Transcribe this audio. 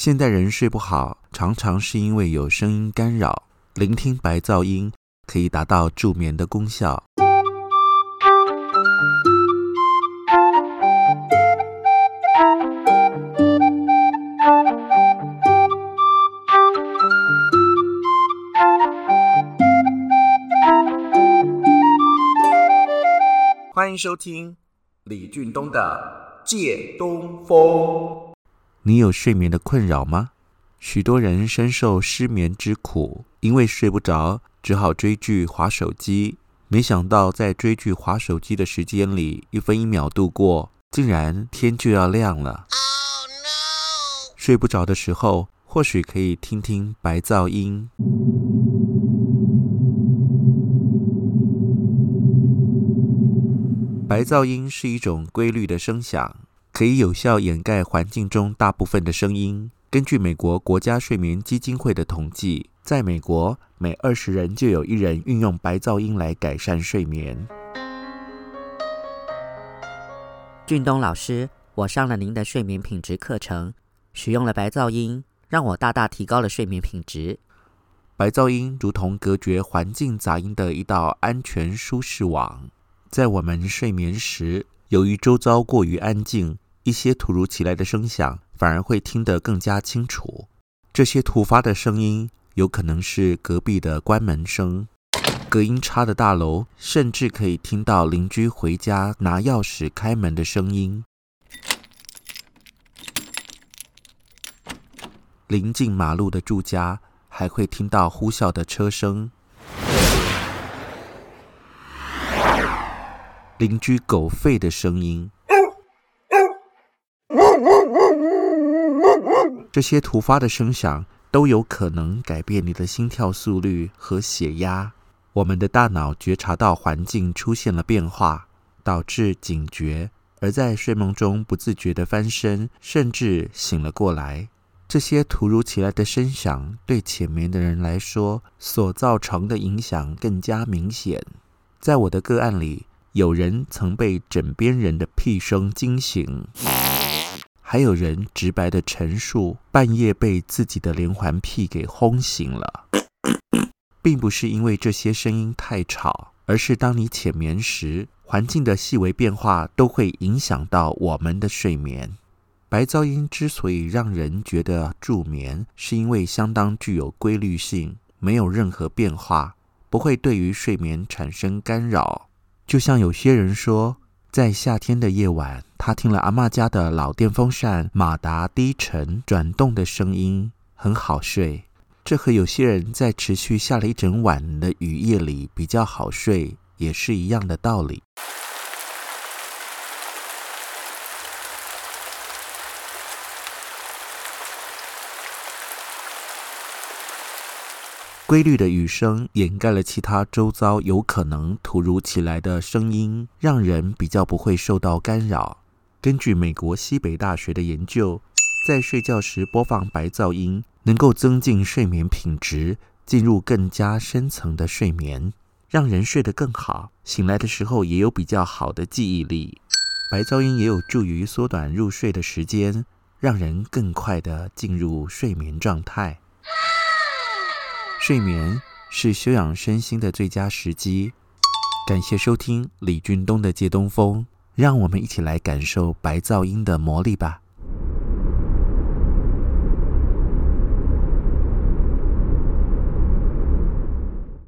現代人睡不好，常常是因為有聲音干擾。聆聽白噪音可以達到助眠的功效。歡迎收聽李俊東的《借東風》。你有睡眠的困擾嗎？許多人深受失眠之苦，因為睡不着，只好追劇、滑手機。沒想到在追劇、滑手機的時間裡，一分一秒度過，竟然天就要亮了。Oh, no! 睡不着的時候，或許可以聽聽白噪音。白噪音是一種規律的聲響。可以有效掩蓋環境中大部分的聲音。根據美國國家睡眠基金會的統計，在美國每二十人就有一人運用白噪音來改善睡眠。俊東老師，我上了您的睡眠品質課程，使用了白噪音，讓我大大提高了睡眠品質。白噪音如同隔絕環境雜音的一道安全舒適網，在我們睡眠時。由於周遭過於安靜，一些突如其來的聲響反而會聽得更加清楚。這些突發的聲音有可能是隔壁的關門聲，隔音差的大樓甚至可以聽到鄰居回家拿鑰匙開門的聲音。臨近馬路的住家還會聽到呼嘯的車聲。鄰居狗吠的聲音，這些突發的聲響都有可能改變你的心跳速率和血壓。我們的大腦覺察到環境出現了變化，導致警覺，而在睡夢中不自覺地翻身，甚至醒了過來。這些突如其來的聲響對淺眠的人來說所造成的影響更加明顯。在我的個案裡。有人曾被枕邊人的屁聲驚醒，還有人直白地陳述，半夜被自己的連環屁給轟醒了。並不是因為這些聲音太吵，而是當你淺眠時，環境的細微變化都會影響到我們的睡眠。白噪音之所以讓人覺得助眠，是因為相當具有規律性，沒有任何變化，不會對於睡眠產生干擾。就像有些人說，在夏天的夜晚，他聽了阿嬤家的老電風扇馬達低沉轉動的聲音，很好睡。這和有些人在持續下了一整晚的雨夜裡比較好睡，也是一樣的道理。規律的雨聲掩蓋了其他周遭有可能突如其來的聲音，讓人比較不會受到干擾。根據美國西北大學的研究，在睡覺時播放白噪音，能夠增進睡眠品質，進入更加深層的睡眠，讓人睡得更好。醒來的時候也有比較好的記憶力。白噪音也有助於縮短入睡的時間，讓人更快地進入睡眠狀態。睡眠是修養身心的最佳時機。感謝收聽李俊東的借東風，讓我們一起來感受白噪音的魔力吧。